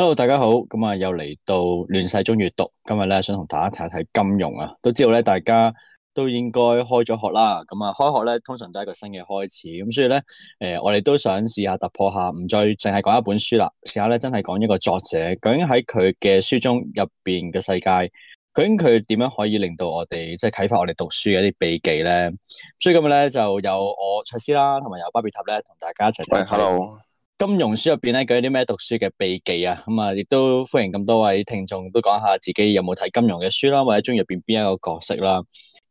hello，大家好，咁啊又嚟到亂世中閱讀，今日咧想同大家睇一睇金庸啊，都知道咧大家都應該開咗學啦，咁啊開學咧通常都係一個新嘅開始，咁所以咧誒我哋都想試下突破下，唔再淨係講一本書啦，試下咧真係講一個作者究竟喺佢嘅書中入邊嘅世界，究竟佢點樣可以令到我哋即係啟發我哋讀書嘅一啲秘技咧，所以今日咧就由我蔡思啦，同埋有巴比塔咧同大家一齊。喂，hey，hello。金庸書入邊咧，講啲咩讀書嘅秘技啊，咁啊，亦都歡迎咁多位聽眾都講下自己有冇睇金庸嘅書啦，或者中意入邊邊一個角色啦。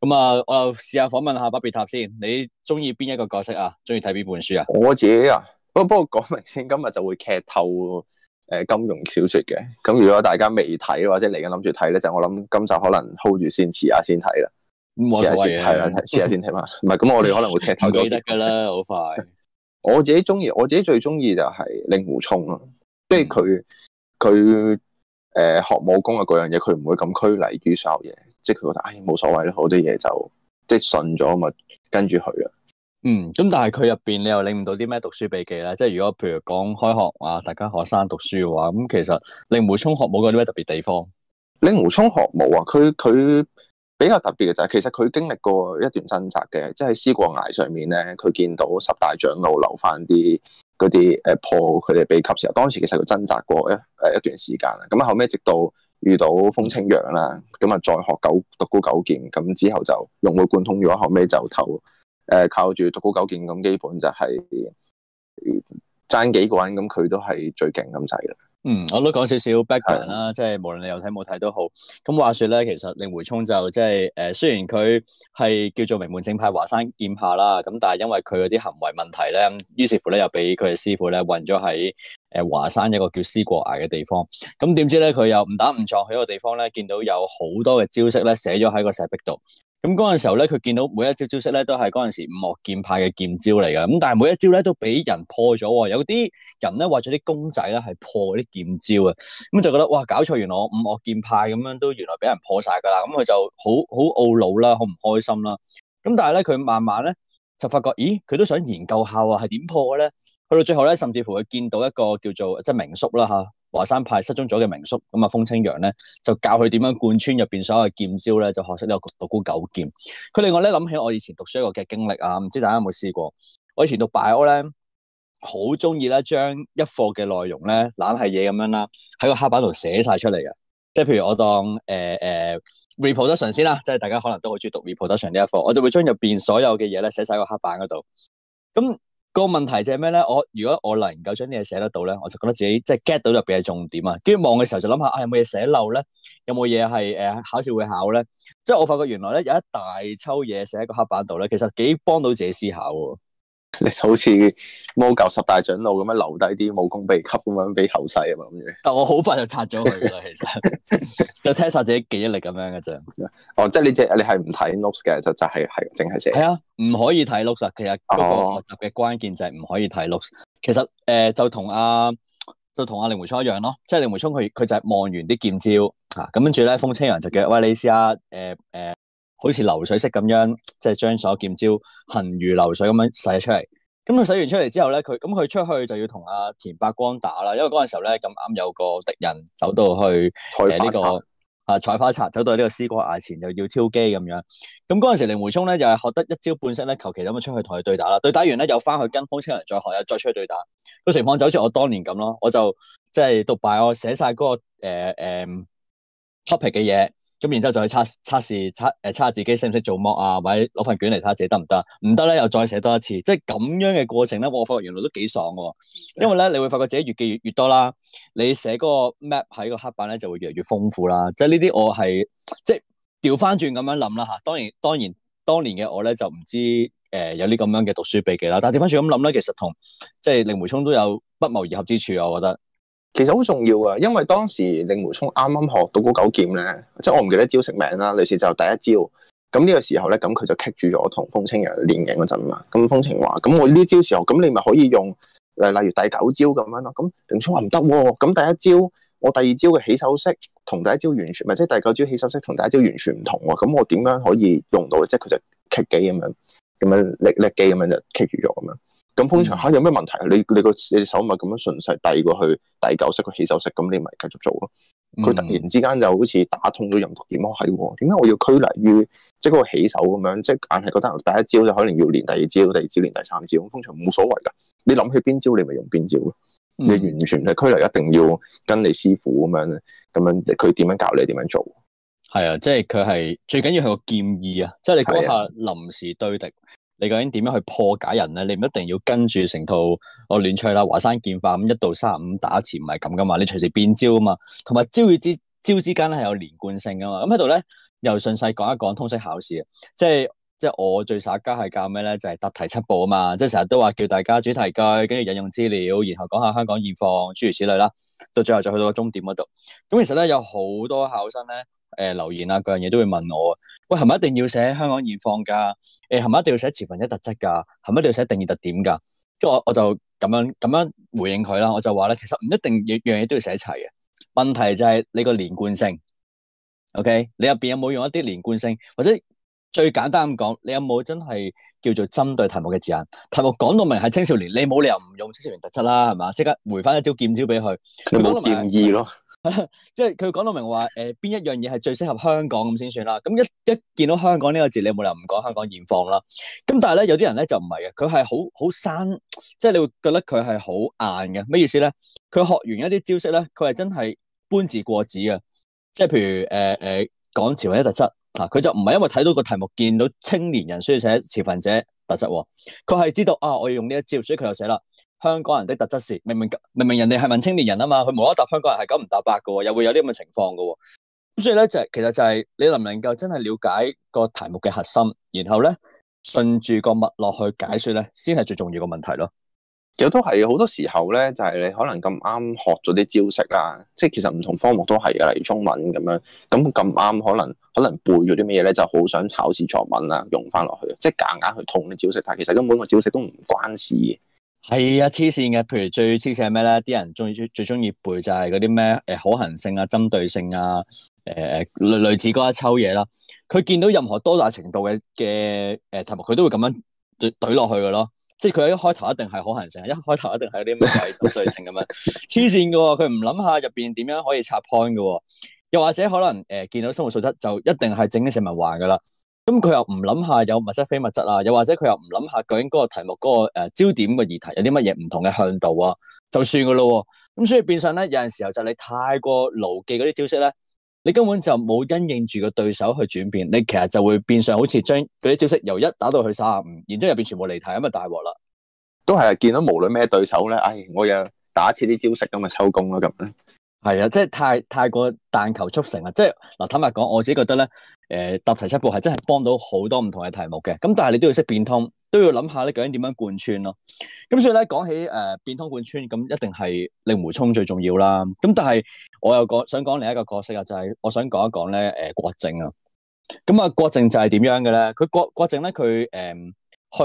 咁啊，我又試下訪問下巴比塔先，你中意邊一個角色啊？中意睇邊本書啊？我自己啊，不不過講明先，今日就會劇透誒、呃、金庸小說嘅。咁如果大家未睇或者嚟緊諗住睇咧，就我諗今集可能 hold 住先，遲下先睇啦。遲下先係啦，遲下先睇嘛。唔係，咁 我哋可能會劇透。記得噶啦，好快。我自己中意，我自己最中意就係令狐沖咯，即係佢佢誒學武功啊，嗰樣嘢佢唔會咁拘泥於所有嘢，即係佢覺得唉冇、哎、所謂咯，好多嘢就即係順咗啊嘛，就是、跟住佢。啊。嗯，咁但係佢入邊你又領唔到啲咩讀書秘技咧？即係如果譬如講開學啊，大家學生讀書嘅話，咁其實令狐沖學武有啲咩特別地方？令狐沖學武啊，佢佢。比較特別嘅就係，其實佢經歷過一段掙扎嘅，即係喺思過崖上面咧，佢見到十大長老留翻啲嗰啲誒破佢哋秘笈時候，當時其實佢掙扎過一誒一段時間啦。咁啊後尾直到遇到風清揚啦，咁啊再學九獨孤九劍，咁之後就融會貫通咗。後尾就投，誒靠住獨孤九劍咁，基本就係爭幾個人咁，佢都係最勁咁滯啦。嗯，我都講少少 background 啦，是的即係無論你有睇冇睇都好。咁話說咧，其實令狐沖就即係誒，雖然佢係叫做名門正派華山劍派啦，咁但係因為佢嗰啲行為問題咧，於是乎咧又俾佢嘅師傅咧困咗喺誒華山一個叫思過崖嘅地方。咁點知咧佢又唔打唔撞喺個地方咧見到有好多嘅招式咧寫咗喺個石壁度。咁嗰陣時候咧，佢見到每一招招式咧都係嗰陣時五岳劍派嘅劍招嚟嘅。咁但係每一招咧都俾人破咗喎。有啲人咧畫咗啲公仔咧係破啲劍招啊，咁就覺得哇搞錯，原來我五岳劍派咁樣都原來俾人破晒噶啦。咁佢就好好懊惱啦，好唔開心啦。咁但係咧，佢慢慢咧就發覺，咦，佢都想研究下啊，係點破嘅咧？去到最後咧，甚至乎佢見到一個叫做即係明叔啦吓。華山派失蹤咗嘅名宿，咁啊風清揚咧就教佢點樣貫穿入邊所有劍招咧，就學識呢個獨孤九劍。佢另外咧諗起我以前讀書嘅經歷啊，唔知大家有冇試過？我以前讀擺屋咧，好中意啦，將一課嘅內容咧，攬係嘢咁樣啦，喺個黑板度寫晒出嚟嘅。即係譬如我當誒誒、呃呃、Reproduction 先啦，即係大家可能都好中意讀 Reproduction 呢一課，我就會將入邊所有嘅嘢咧寫晒個黑板嗰度，咁、嗯。個問題就係咩咧？我如果我能夠將啲嘢寫得到咧，我就覺得自己即係 get 到入邊嘅重點啊！跟住望嘅時候就諗下，啊有冇嘢寫漏咧？有冇嘢係誒考試會考咧？即係我發覺原來咧有一大抽嘢寫喺個黑板度咧，其實幾幫到自己思考喎。你好似魔教十大長老咁樣留低啲武功秘笈咁樣俾後世啊嘛，咁樣。但我好快就拆咗佢啦， 其實就 test 自己記憶力咁樣嘅啫。哦，即係你只你係唔睇 notes 嘅，就就係係淨係寫。係啊，唔可以睇 notes 其實個習哦，學習嘅關鍵就係唔可以睇 notes 其實誒、呃，就同阿、啊、就同阿令狐沖一樣咯，即係令狐沖佢佢就係望完啲劍招吓，咁跟住咧風清揚就叫喂你試下。呃，誒、呃、誒。好似流水式咁樣，即係將所有劍招行如流水咁樣使出嚟。咁佢使完出嚟之後咧，佢咁佢出去就要同阿田伯光打啦。因為嗰陣時候咧咁啱有個敵人走到去誒呢、呃這個啊採花賊走到呢個思過崖前，又要挑機咁樣。咁嗰陣時令狐沖咧，又係學得一招半式咧，求其咁樣出去同佢對打啦。對打完咧，又翻去跟風清人再學，又再出去對打。個情況就好似我當年咁咯，我就即係、就是、讀罷我寫晒嗰個誒誒、呃呃、topic 嘅嘢。咁然之後就去測試測試測誒、呃、測下自己識唔識做默啊，或者攞份卷嚟睇下自己得唔得，唔得咧又再寫多一次，即係咁樣嘅過程咧，我發覺原來都幾爽嘅，因為咧是的 你會發覺自己越記越越多啦，你寫嗰個 map 喺個黑板咧就會越嚟越豐富啦，即係呢啲我係即係調翻轉咁樣諗啦吓，當然當然當年嘅我咧就唔知誒、呃、有呢咁樣嘅讀書秘技啦，但係調翻轉咁諗咧，其實同即係令狐沖都有不謀而合之處啊，我覺得。其實好重要啊，因為當時令狐沖啱啱學獨孤九劍咧，即係我唔記得招式名啦，類似就是第一招。咁呢個時候咧，咁佢就棘住咗同風清揚練影嗰陣嘛。咁風清話，咁我呢招時候，咁你咪可以用，例例如第九招咁樣咯。咁令狐沖話唔得，咁第一招，我第二招嘅起手式同第一招完全，咪即係第九招起手式同第一招完全唔同喎、啊。咁我點樣可以用到咧？即係佢就棘機咁樣，咁樣力力機咁樣就棘住咗咁樣。咁風場吓、嗯啊、有咩問題啊？你你個你手咪咁樣順勢遞過去，第九式個起手式，咁你咪繼續做咯。佢、嗯、突然之間就好似打通咗任督二脈喎。點解我要拘泥於即係嗰個起手咁樣？即係硬係覺得第一招就可能要練，第二招、第二招練，第三招咁風場冇所謂㗎。你諗起邊招你咪用邊招咯。嗯、你完全係拘泥一定要跟你師傅咁樣，咁樣佢點樣教你點樣做。係啊，即係佢係最緊要係個建議、就是、啊。即係你講下臨時對敵。你究竟點樣去破解人咧？你唔一定要跟住成套我亂吹啦，華山劍法咁一到三十五打一次唔係咁噶嘛，你隨時變招啊嘛，同埋招與之招之間咧係有連貫性噶嘛。咁喺度咧又順勢講一講通識考試啊，即係即係我最耍家係教咩咧？就係、是、答題七步啊嘛，即係成日都話叫大家主題句，跟住引用資料，然後講下香港現況諸如此類啦，到最後就去到個終點嗰度。咁其實咧有好多考生咧。誒，留言啊，各樣嘢都會問我，喂，係咪一定要寫香港現況噶？誒，係咪一定要寫持份者特質噶？係咪一定要寫定義特點噶？跟住我我就咁樣咁樣回應佢啦。我就話咧，其實唔一定樣樣嘢都要寫齊嘅。問題就係你個連貫性，OK？你入邊有冇用一啲連貫性，或者最簡單咁講，你有冇真係叫做針對題目嘅字眼？題目講到明係青少年，你冇理由唔用青少年特質啦，係嘛？即刻回翻一招劍招俾佢，你冇建議咯。即係佢講到明話，誒、呃、邊一樣嘢係最適合香港咁先算啦。咁一一見到香港呢個字，你冇理由唔講香港現況啦。咁但係咧，有啲人咧就唔係嘅，佢係好好生，即、就、係、是、你會覺得佢係好硬嘅。咩意思咧？佢學完一啲招式咧，佢係真係搬字過紙嘅。即係譬如誒誒講持份者特質啊，佢就唔係因為睇到個題目見到青年人需要寫持份者特質喎、啊，佢係知道啊，我要用呢一招，所以佢就寫啦。香港人的特質是，明明明明人哋係問青年人啊嘛，佢冇得答。香港人係九唔搭八噶喎，又會有啲咁嘅情況噶，咁所以咧就其實就係、是、你能唔能夠真係了解個題目嘅核心，然後咧順住個脈落去解說咧，先係最重要嘅問題咯。有都係好多時候咧，就係、是、你可能咁啱學咗啲招式啦，即係其實唔同科目都係嘅，例如中文咁樣咁咁啱可能可能背咗啲咩嘢咧，就好想考試作文啊用翻落去，即係夾硬去痛啲招式，但係其實根本個招式都唔關事。係啊，黐線嘅。譬如最黐線係咩咧？啲人中意最最中意背就係嗰啲咩誒可行性啊、針對性啊、誒誒類類似嗰一抽嘢啦。佢見到任何多大程度嘅嘅誒題目，佢、呃、都會咁樣懟懟落去嘅咯。即係佢一開頭一定係可行性，一開頭一定係啲乜鬼針對性咁樣。黐線嘅喎，佢唔諗下入邊點樣可以插 point 嘅喎。又或者可能誒、呃、見到生活素質就一定係整啲市民話嘅啦。咁佢又唔諗下有物質非物質啊，又或者佢又唔諗下究竟嗰個題目嗰個誒焦點嘅議題有啲乜嘢唔同嘅向度啊，就算噶咯。咁所以變相咧，有陣時候就你太過牢記嗰啲招式咧，你根本就冇因應住個對手去轉變，你其實就會變相好似將嗰啲招式由一打到去卅五，然之後入邊全部離題，咁啊大鑊啦。都係見到無論咩對手咧，唉、哎，我又打一次啲招式，咁啊收工啦咁。係啊，即係太太過但求速成啊！即係嗱，坦白講，我自己覺得咧，誒、呃，答題七步係真係幫到好多唔同嘅題目嘅。咁但係你都要識變通，都要諗下咧究竟點樣貫穿咯。咁所以咧講起誒、呃、變通貫穿，咁一定係令狐沖最重要啦。咁但係我又講想講另一個角色啊，就係、是、我想講一講咧，誒郭靖啊。咁啊郭靖就係點樣嘅咧？佢郭郭靖咧佢誒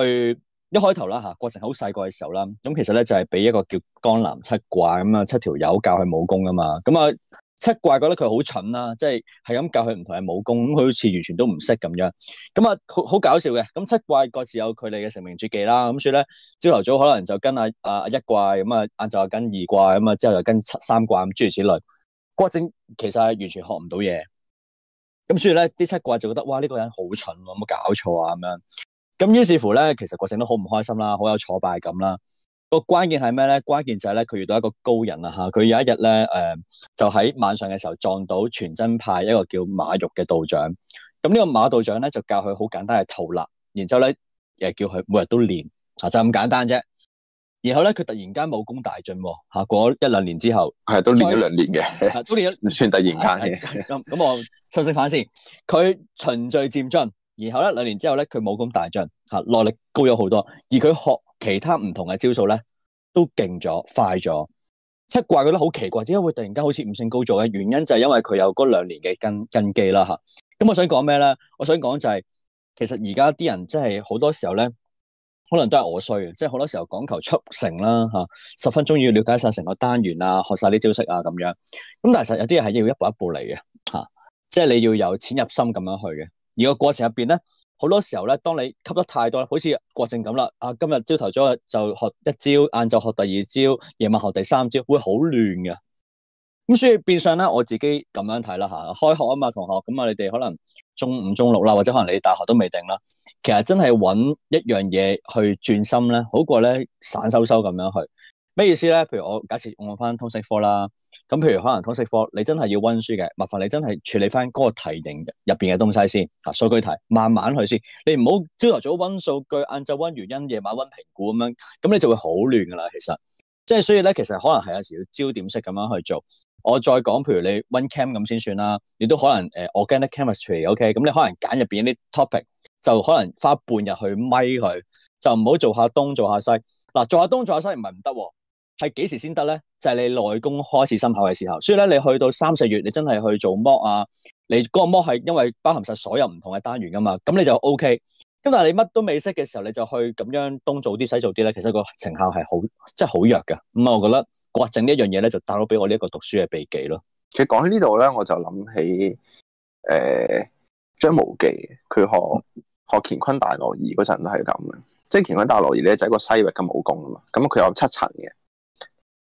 去。一開頭啦吓，郭靖好細個嘅時候啦，咁其實咧就係俾一個叫江南七怪咁啊七條友教佢武功噶嘛。咁啊七怪覺得佢好蠢啦，即係係咁教佢唔同嘅武功，咁佢好似完全都唔識咁樣。咁啊好好搞笑嘅。咁七怪各自有佢哋嘅成名絕技啦。咁所以咧朝頭早可能就跟阿一怪咁啊，晏晝跟二怪咁啊，之後就跟三怪咁諸如此類。郭靖其實係完全學唔到嘢。咁所以咧啲七怪就覺得哇呢個人好蠢咯，冇搞錯啊咁樣。咁於是乎咧，其實郭靖都好唔開心啦，好有挫敗感啦。個關鍵係咩咧？關鍵就係咧，佢遇到一個高人啊嚇，佢有一日咧、呃，就喺晚上嘅時候撞到全真派一個叫馬玉嘅道長。咁呢個馬道長咧就教佢好簡單嘅套路，然之後咧誒叫佢每日都練，啊就咁簡單啫。然後咧佢、啊、突然間武功大進喎嚇，過咗一兩年之後，係都練咗兩年嘅，再也都練咗算唔算突然間嘅。咁咁、啊啊、我收息返先。佢循序漸進。然後咧兩年之後咧，佢冇咁大進吓，耐力高咗好多，而佢學其他唔同嘅招數咧都勁咗、快咗。七怪覺得好奇怪，點解會突然間好似悟性高咗嘅？原因就係因為佢有嗰兩年嘅根根基啦吓。咁我想講咩咧？我想講就係、是，其實而家啲人即係好多時候咧，可能都係我衰嘅，即係好多時候講求速成啦吓，十分鐘要了解晒成個單元啊，學晒啲招式啊咁樣。咁但係實有啲嘢係要一步一步嚟嘅吓，即係你要由淺入深咁樣去嘅。而個過程入邊咧，好多時候咧，當你吸得太多好似郭靖咁啦，啊今日朝頭早就學一招，晏晝學第二招，夜晚學第三招，會好亂㗎。咁所以變相咧，我自己咁樣睇啦吓，開學啊嘛，同學，咁啊你哋可能中五、中六啦，或者可能你大學都未定啦。其實真係揾一樣嘢去轉心咧，好過咧散收收咁樣去。咩意思咧？譬如我假設我翻通識科啦，咁譬如可能通識科你真係要溫書嘅，麻煩你真係處理翻嗰個題型入邊嘅東西先。啊，數據題慢慢去先，你唔好朝頭早溫數據，晏晝溫原因，夜晚溫評估咁樣，咁你就會好亂噶啦。其實即係所以咧，其實可能係有陣時要焦點式咁樣去做。我再講，譬如你溫 chem 咁先算啦，你都可能誒 organic chemistry OK，咁你可能揀入邊啲 topic 就可能花半日去咪佢，就唔好做下東做下西。嗱、啊，做下東做下西唔係唔得。係幾時先得咧？就係、是、你內功開始深厚嘅時候。所以咧，你去到三四月，你真係去做剝啊，你嗰個剝係因為包含晒所有唔同嘅單元噶嘛。咁你就 O、OK、K。咁但係你乜都未識嘅時候，你就去咁樣東做啲西做啲咧，其實個成效係好，即係好弱噶。咁、嗯、啊，我覺得郭靖呢一樣嘢咧，就帶到俾我呢一個讀書嘅秘技咯。其實講起呢度咧，我就諗起誒張、呃、無忌，佢學、嗯、學乾坤大挪移嗰陣都係咁嘅，即、就、係、是、乾坤大挪移咧就係一個西域嘅武功啊嘛。咁佢有七層嘅。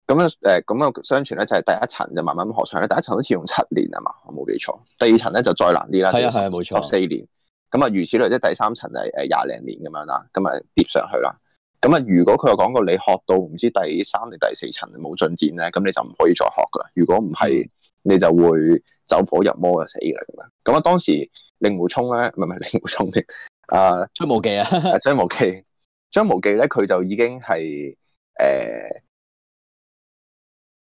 咁樣誒，咁個、呃、相傳咧就係第一層就慢慢咁學上咧，第一層好似用七年啊嘛，我冇記錯。第二層咧就再難啲啦，係係冇錯，十四年。咁啊，如此類即第三層係誒廿零年咁樣啦，咁啊疊上去啦。咁啊，如果佢話講過你學到唔知第三定第四層冇進展咧，咁你就唔可以再學噶。如果唔係，你就會走火入魔啊死㗎咁樣。咁啊，當時令狐沖咧，唔係唔係令狐沖啲，啊、呃、張無忌啊張無忌，張無忌，張無忌咧佢就已經係誒。呃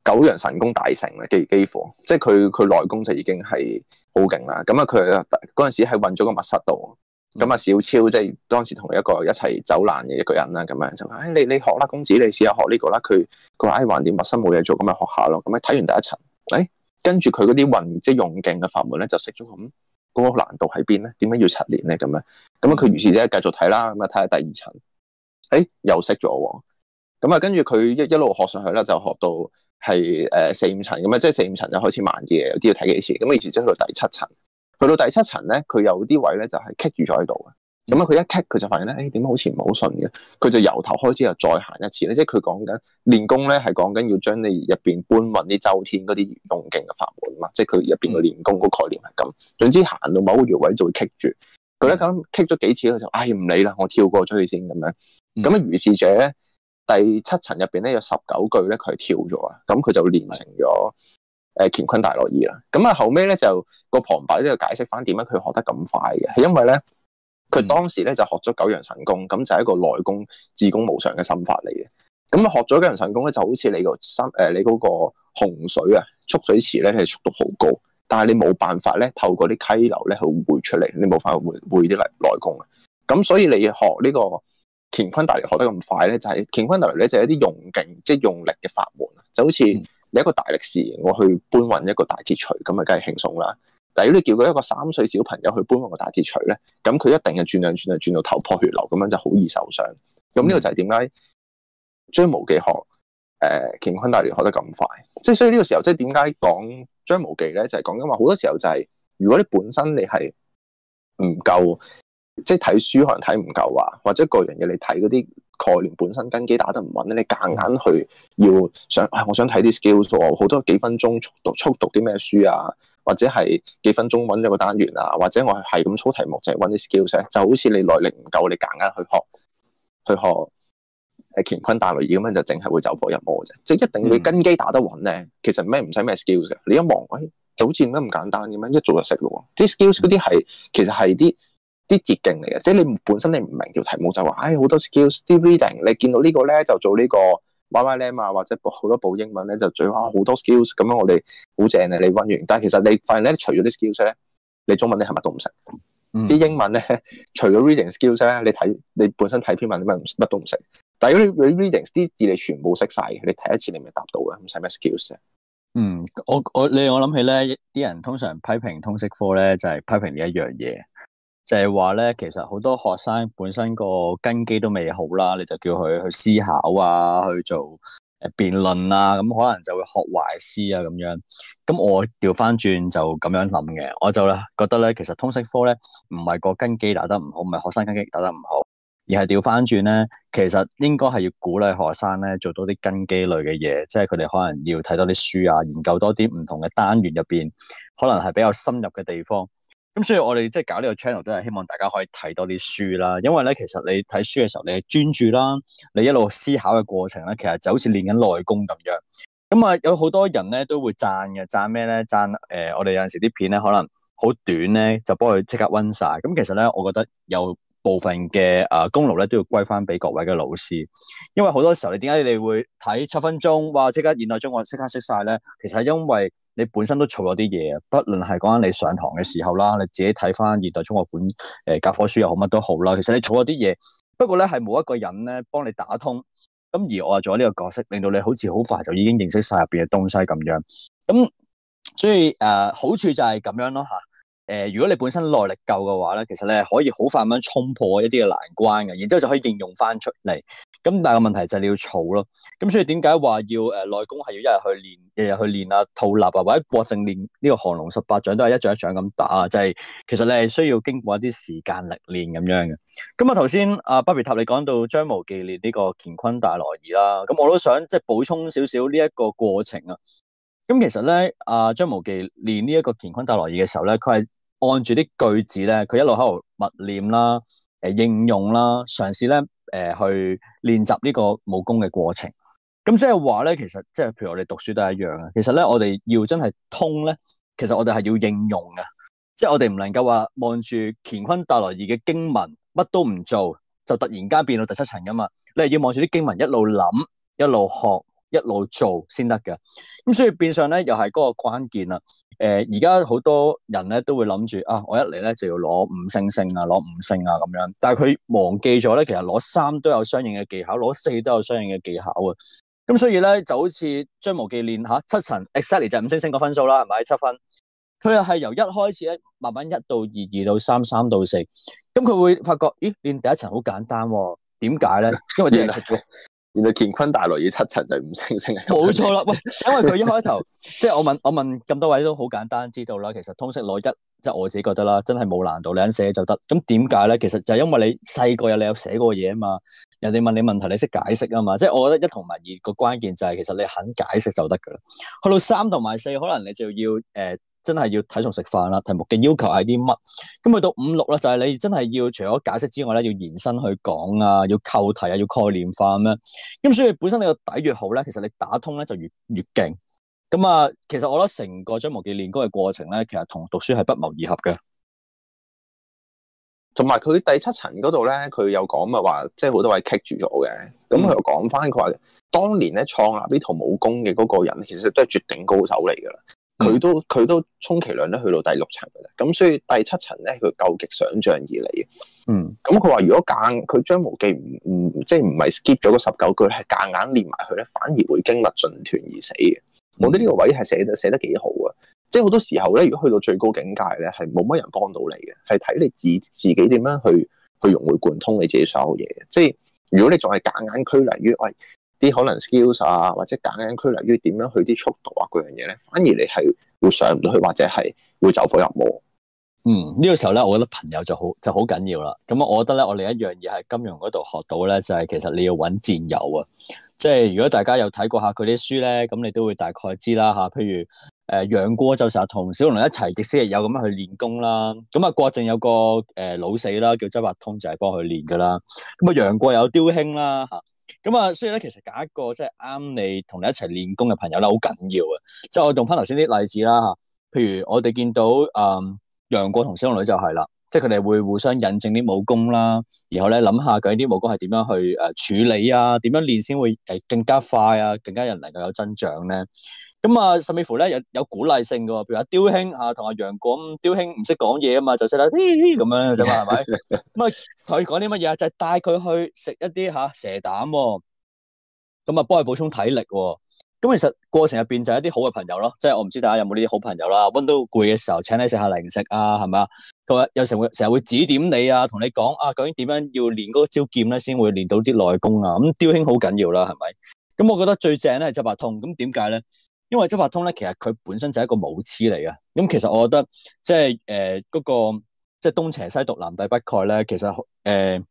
九陽神功大成咧，幾幾乎即係佢佢內功就已經係好勁啦。咁啊，佢嗰陣時係混咗個密室度，咁啊，小超即係當時同一個一齊走難嘅一個人啦，咁樣就誒、哎，你你學啦公子，你試下學呢個啦。佢佢話誒，橫掂密室冇嘢做，咁咪學下咯。咁啊，睇完第一層，誒、欸，跟住佢嗰啲運即用勁嘅法門咧，就識咗咁，嗰、那個難度喺邊咧？點解要七年咧？咁樣咁啊，佢如是者繼續睇啦，咁啊，睇下第二層，誒，又識咗喎。咁啊，跟住佢一一路學上去咧，就學到。係誒四五層，咁啊，即係四五層就開始慢啲嘅，有啲要睇幾次。咁我以前真去到第七層，去到第七層咧，佢有啲位咧就係棘住咗喺度嘅。咁啊，佢一棘佢就發現咧，誒點啊？好似唔係好順嘅。佢就由頭開始又再行一次咧，即係佢講緊練功咧係講緊要將你入邊搬運啲周天嗰啲用勁嘅法門嘛，即係佢入邊嘅練功個概念係咁。總之行到某個穴位就會棘住，佢咧咁棘咗幾次咧就，唉、哎、唔理啦，我跳過出去先咁樣。咁啊，如是者咧。第七層入邊咧有十九句咧，佢跳咗啊，咁佢就練成咗誒是的、呃、乾坤大挪移啦。咁啊後尾咧就個旁白咧就解釋翻點解佢學得咁快嘅，係因為咧佢當時咧就學咗九陽神功，咁就係一個內功自功無常嘅心法嚟嘅。咁啊學咗九陽神功咧就好似你，嗰個心誒你個洪水啊蓄水池咧，你速度好高，但係你冇辦法咧透過啲溪流咧去匯出嚟，你冇法匯匯啲內內功啊。咁所以你學呢、這個。乾坤大挪移學得咁快咧，就係、是、乾坤大挪移咧，就係一啲用勁，即、就、係、是、用力嘅法門。就好似你一個大力士，我去搬運一個大鐵錘，咁啊梗係輕鬆啦。但如果你叫佢一個三歲小朋友去搬運個大鐵錘咧，咁佢一定係轉兩轉就轉到頭破血流，咁樣就好易受傷。咁呢個就係點解張無忌學誒乾坤大挪移學得咁快。即係所以呢個時候，即係點解講張無忌咧？就係、是、講緊話，好多時候就係、是、如果你本身你係唔夠。即係睇書可能睇唔夠啊，或者各樣嘢你睇嗰啲概念本身根基打得唔穩咧，你硬硬去要想，哎、我想睇啲 skills，好多幾分鐘速，速讀速讀啲咩書啊，或者係幾分鐘揾咗個單元啊，或者我係咁操題目就係揾啲 skills，就好似你內力唔夠，你硬硬去學去學誒乾坤大挪移咁樣，就淨係會走火入魔嘅啫。即、就、係、是、一定要根基打得穩咧，嗯、其實咩唔使咩 skills 嘅，你一望喂、哎、就好似點解咁簡單嘅咩，一做就識咯。啲 skills 嗰啲係其實係啲。啲捷徑嚟嘅，即係你本身你唔明條題目就話、是，唉、哎、好多 skills 啲 reading，你見到個呢個咧就做呢、這個 writing 啊，或者好多補英文咧就做啊好多 skills，咁樣我哋好正啊，你溫完，但係其實你發現咧，除咗啲 skills 咧，你中文啲係乜都唔識，啲、嗯、英文咧，除咗 reading skills 咧，你睇你本身睇篇文啲乜乜都唔識，但係嗰啲 reading 啲字你全部識晒，嘅，你睇一次你咪答到嘅，唔使咩 skills 啊？嗯，我我你我諗起咧，啲人通常批評通識科咧，就係、是、批評呢一樣嘢。就係話咧，其實好多學生本身個根基都未好啦，你就叫佢去思考啊，去做誒辯論啊，咁可能就會學壞師啊咁樣。咁我調翻轉就咁樣諗嘅，我就覺得咧，其實通識科咧唔係個根基打得唔好，唔係學生根基打得唔好，而係調翻轉咧，其實應該係要鼓勵學生咧做多啲根基類嘅嘢，即係佢哋可能要睇多啲書啊，研究多啲唔同嘅單元入邊，可能係比較深入嘅地方。咁、嗯、所以我哋即係搞呢個 channel 都係希望大家可以睇多啲書啦，因為咧，其實你睇書嘅時候，你係專注啦，你一路思考嘅過程咧，其實就好似練緊內功咁樣。咁、嗯、啊有好多人咧都會讚嘅，讚咩咧？讚誒、呃，我哋有陣時啲片咧可能好短咧，就幫佢即刻溫晒。咁、嗯、其實咧，我覺得有部分嘅誒、呃、功勞咧都要歸翻俾各位嘅老師，因為好多時候，你點解你會睇七分鐘，哇！即刻現代中我即刻識晒咧？其實係因為。你本身都儲咗啲嘢，不論係講緊你上堂嘅時候啦，你自己睇翻現代中國本誒教科書又好，乜都好啦。其實你儲咗啲嘢，不過咧係冇一個人咧幫你打通，咁而我做咗呢個角色，令到你好似好快就已經認識晒入邊嘅東西咁樣。咁所以誒、呃，好處就係咁樣咯，吓。誒，如果你本身內力夠嘅話咧，其實你係可以好快咁樣衝破一啲嘅難關嘅，然之後就可以應用翻出嚟。咁但係個問題就係你要儲咯。咁所以點解話要誒內功係要一日去練，日日去練啊，吐納啊，或者郭靖練呢個降龍十八掌都係一掌一掌咁打，就係、是、其實你係需要經過一啲時間歷練咁樣嘅。咁啊頭先阿巴別塔你講到張無忌練呢個乾坤大挪移啦，咁我都想即係補充少少呢一這個過程啊。咁其實咧，阿張無忌練呢一個乾坤大挪移嘅時候咧，佢係，按住啲句子咧，佢一路喺度默念啦，誒應用啦，嘗試咧、呃、去練習呢個武功嘅過程。咁即係話咧，其實即係譬如我哋讀書都係一樣嘅。其實咧，我哋要真係通咧，其實我哋係要，要應用嘅，即係我哋唔能夠話望住《乾坤大挪移》嘅經文乜都唔做，就突然間變到第七層噶嘛。你係要望住啲經文一路諗，一路學。一路做先得嘅，咁所以變相咧又係嗰個關鍵啦。誒、呃，而家好多人咧都會諗住啊，我一嚟咧就要攞五星星啊，攞五星啊咁樣。但係佢忘記咗咧，其實攞三都有相應嘅技巧，攞四都有相應嘅技巧啊。咁所以咧就好似張無忌練嚇七層 Excel 就係五星星個分數啦，係咪七分？佢又係由一開始咧慢慢一到二，二到三，三到四。咁佢會發覺，咦，練第一層好簡單喎，啊，點解咧？因為啲人學咗。原來乾坤大挪移七層就五星星，冇錯啦。喂， 因為佢一開頭 即係我問我問咁多位都好簡單知道啦。其實通識攞一，即係我自己覺得啦，真係冇難度，你肯寫就得。咁點解咧？其實就係因為你細個有你有寫過嘢啊嘛，人哋問你問題你識解釋啊嘛。即係我覺得一同埋二個關鍵就係其實你肯解釋就得噶啦。去到三同埋四，可能你就要誒。呃真係要睇重食飯啦！題目嘅要求係啲乜？咁去到五六啦，6, 就係你真係要除咗解釋之外咧，要延伸去講啊，要扣題啊，要概念化咁樣。咁所以本身你個底越好咧，其實你打通咧就越越勁。咁啊，其實我覺得成個張無忌練功嘅過程咧，其實同讀書係不謀而合嘅。同埋佢第七層嗰度咧，佢有講咪話，即係好多位棘住咗嘅。咁佢又講翻佢話，當年咧創立呢套武功嘅嗰個人，其實都係絕頂高手嚟噶啦。佢都佢都充其量咧去到第六層嘅，咁所以第七層咧佢究極想像而嚟嘅。嗯，咁佢話如果間佢張無忌唔唔即係唔係 skip 咗嗰十九句，係夾硬練埋佢咧，反而會經脈盡斷而死嘅。我覺得呢個位係寫得寫得幾好啊！即係好多時候咧，如果去到最高境界咧，係冇乜人幫到你嘅，係睇你自己自己點樣去去融會貫通你自己所有嘢。即係如果你仲係夾硬拘泥於……啲可能 skills 啊，或者僵硬拘泥於點樣去啲速度啊嗰樣嘢咧，反而你係會上唔到去，或者係會走火入魔。嗯，呢個時候咧，我覺得朋友就好就好緊要啦。咁我覺得咧，我另一樣嘢喺金庸嗰度學到咧，就係其實你要揾戰友啊。即係如果大家有睇過下佢啲書咧，咁你都會大概知啦吓，譬如誒楊過就成日同小龍女一齊日夕日有咁樣去練功啦。咁啊郭靖有個誒老死啦，叫周伯通就係幫佢練噶啦。咁啊楊過有雕兄啦嚇。咁啊、嗯，所以咧，其實揀一個即係啱你同你一齊練功嘅朋友咧，好緊要啊！即係我用翻頭先啲例子啦吓，譬如我哋見到誒嗯、楊過同小龍女就係啦，即係佢哋會互相引證啲武功啦，然後咧諗下究竟啲武功係點樣去誒處理啊，點樣練先會誒更加快啊，更加人能夠有增長咧。咁啊、嗯，甚至乎咧有有，有鼓勵性嘅，譬如阿雕兄啊，同阿楊過，雕兄唔識講嘢啊嘛，就識得咁樣啫嘛，係咪？咁啊、 嗯，佢講啲乜嘢啊？就係、帶佢去食一啲嚇蛇膽、哦，咁、嗯、啊幫佢補充體力、哦。咁、嗯、其實過程入邊就係一啲好嘅朋友咯，即係我唔知大家有冇呢啲好朋友啦，溫到攰嘅時候請你食下零食啊，係咪啊？佢話有時會成日會指點你啊，同你講啊，究竟點樣要練嗰招劍咧，先會練到啲內功啊？咁、嗯、雕兄好緊要啦、啊，係咪？咁、嗯、我覺得最正咧就伯通。咁點解咧？因為周伯通咧，其實佢本身就係一個武痴嚟嘅。咁其實我覺得，即係誒嗰個即係、就是、東邪西毒南帝北丐咧，其實誒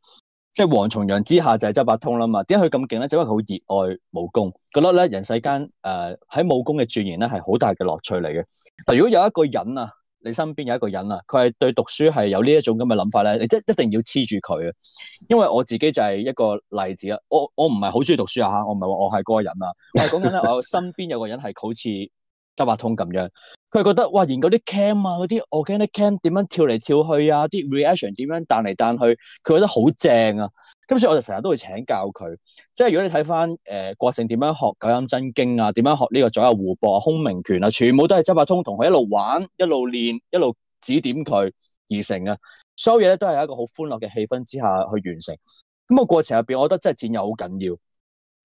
即係黃重陽之下就係周伯通啦嘛。點解佢咁勁咧？就係佢好熱愛武功，覺得咧人世間誒喺武功嘅鑽研咧係好大嘅樂趣嚟嘅。嗱，如果有一個人啊。你身邊有一個人啊，佢係對讀書係有呢一種咁嘅諗法咧，你一一定要黐住佢啊，因為我自己就係一個例子啊，我我唔係好鍾意讀書啊嚇，我唔係話我係嗰個人啊，我係講緊咧，我身邊有個人係好似周伯通咁樣，佢係覺得哇，研究啲 cam 啊，嗰啲 organic cam 點樣跳嚟跳去啊，啲 reaction 點樣彈嚟彈去，佢覺得好正啊。咁所以我就成日都會請教佢，即係如果你睇翻誒郭靖點樣學九陰真經啊，點樣學呢個左右互搏啊、空明拳啊，全部都係周伯通同佢一路玩、一路練、一路指點佢而成啊。所有嘢咧都係一個好歡樂嘅氣氛之下去完成。咁個過程入邊，我覺得真係戰友好緊要，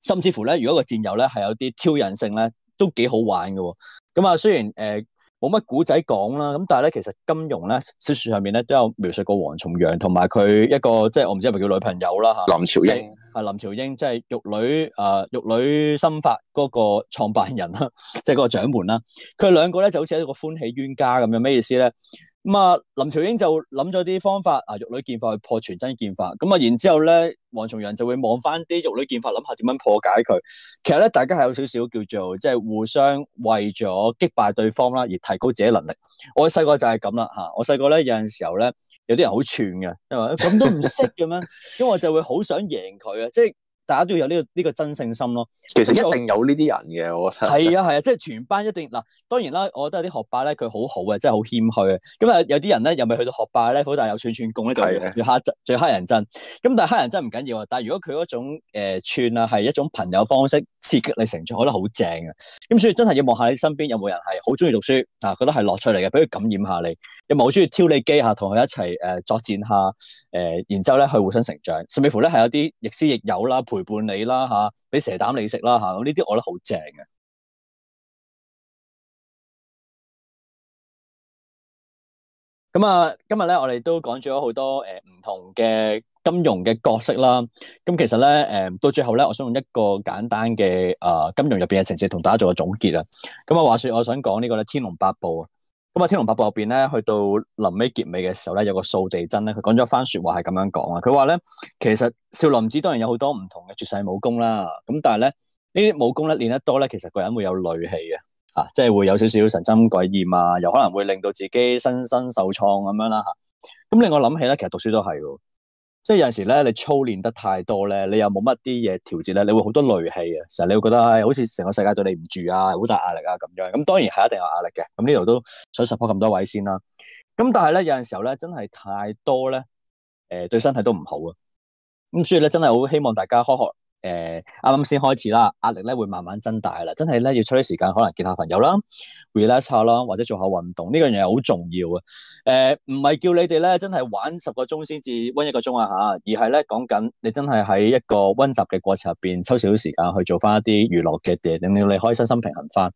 甚至乎咧，如果個戰友咧係有啲挑釁性咧。都幾好玩嘅喎，咁啊雖然誒冇乜古仔講啦，咁但係咧其實金庸咧小説上面咧都有描述過王重陽同埋佢一個即係我唔知係咪叫女朋友啦嚇，林朝英係林朝英即係、誒、玉女玉女心法嗰個創辦人啦，即係嗰個掌門啦，佢哋兩個咧就好似一個歡喜冤家咁樣，咩意思咧？咁啊，林朝英就諗咗啲方法啊，玉女劍法去破全真劍法。咁啊，然之後咧，王重陽就會望翻啲玉女劍法，諗下點樣破解佢。其實咧，大家係有少少叫做即係、就是、互相為咗擊敗對方啦，而提高自己能力。我細個就係咁啦吓，我細個咧有陣時候咧，有啲人好串嘅，就是、 因為咁都唔識咁樣，因為就會好想贏佢啊，即、就、係、是。大家都要有呢、這個呢、這個、真性心咯，其實一定有呢啲人嘅，我覺得係啊係啊，即係全班一定嗱，當然啦，我覺得有啲學霸咧，佢好好嘅，真係好謙虛嘅。咁啊有啲人咧，又咪去到學霸咧，好大有串串供咧，就係越黑黑人憎。咁但係黑人憎唔緊要，但如果佢嗰種、呃、串啊，係一種朋友方式。刺激你成長，我覺得好正嘅。咁所以真係要望下你身邊有冇人係好中意讀書啊，覺得係樂趣嚟嘅，俾佢感染一下你。有冇好中意挑你機嚇，同、啊、佢一齊誒、啊、作戰下誒，然之後咧去互相成長，甚至乎咧係有啲亦師亦友啦，陪伴你啦嚇，俾、啊、蛇膽你食啦嚇。咁呢啲我覺得好正嘅。咁啊，今日咧我哋都講咗好多誒唔、呃、同嘅。金庸嘅角色啦，咁其實咧，誒到最後咧，我想用一個簡單嘅啊、呃、金庸入邊嘅情節同大家做個總結啊。咁啊，話説我想講呢個咧《天龍八部》啊，咁啊《天龍八部》入邊咧，去到臨尾結尾嘅時候咧，有個掃地僧咧，佢講咗一番説話係咁樣講啊。佢話咧，其實少林寺當然有好多唔同嘅絕世武功啦，咁但係咧呢啲武功咧練得多咧，其實個人會有戾氣嘅嚇、啊，即係會有少少神憎鬼厭啊，又可能會令到自己身身受創咁樣啦嚇。咁、啊、令我諗起咧，其實讀書都係即係有陣時咧，你操練得太多咧，你又冇乜啲嘢調節咧，你會好多戾氣嘅。成日你會覺得，唉、哎，好似成個世界對你唔住啊，好大壓力啊咁樣。咁當然係一定有壓力嘅。咁呢度都想 support 咁多位先啦。咁但係咧，有陣時候咧，真係太多咧，誒、呃、對身體都唔好啊。咁所以咧，真係好希望大家開學。誒，啱啱先開始啦，壓力咧，會慢慢增大啦，真係咧，要抽啲時間可能見下朋友啦，relax 下啦，或者做下運動，呢樣嘢好重要啊！誒、呃，唔係叫你哋咧真係玩十個鐘先至溫一個鐘啊吓，而係咧講緊你真係喺一個溫習嘅過程入邊抽少少時間去做翻一啲娛樂嘅嘢，令到你開身心平衡翻。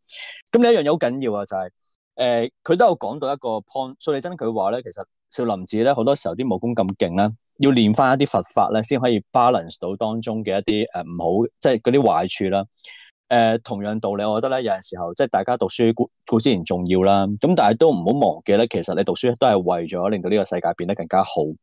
咁有一樣嘢好緊要啊、就是，就係誒，佢都有講到一個 point，少林真佢話咧，其實少林寺咧好多時候啲武功咁勁啦。要練翻一啲佛法咧，先可以 balance 到當中嘅一啲誒唔好，即係嗰啲壞處啦。誒、呃、同樣道理，我覺得咧有陣時候，即、就、係、是、大家讀書固固然重要啦，咁但係都唔好忘記咧，其實你讀書都係為咗令到呢個世界變得更加好。誒、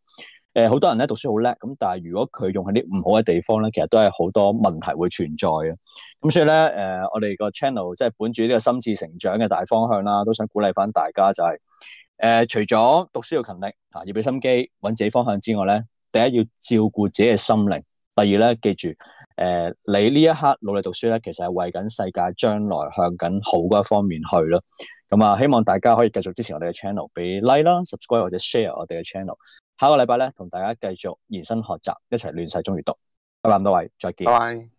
呃、好多人咧讀書好叻，咁但係如果佢用喺啲唔好嘅地方咧，其實都係好多問題會存在嘅。咁所以咧誒、呃，我哋個 channel 即係本著呢個心智成長嘅大方向啦，都想鼓勵翻大家就係、是。誒、呃，除咗讀書要勤力，吓、啊、要俾心機，揾自己方向之外咧，第一要照顧自己嘅心靈，第二咧記住，誒、呃，你呢一刻努力讀書咧，其實係為緊世界將來向緊好嗰一方面去咯。咁啊，希望大家可以繼續支持我哋嘅 channel，俾 like 啦，subscribe 或者 share 我哋嘅 channel。下個禮拜咧，同大家繼續延伸學習，一齊亂世中閱讀。拜拜，咁多位再見。拜拜。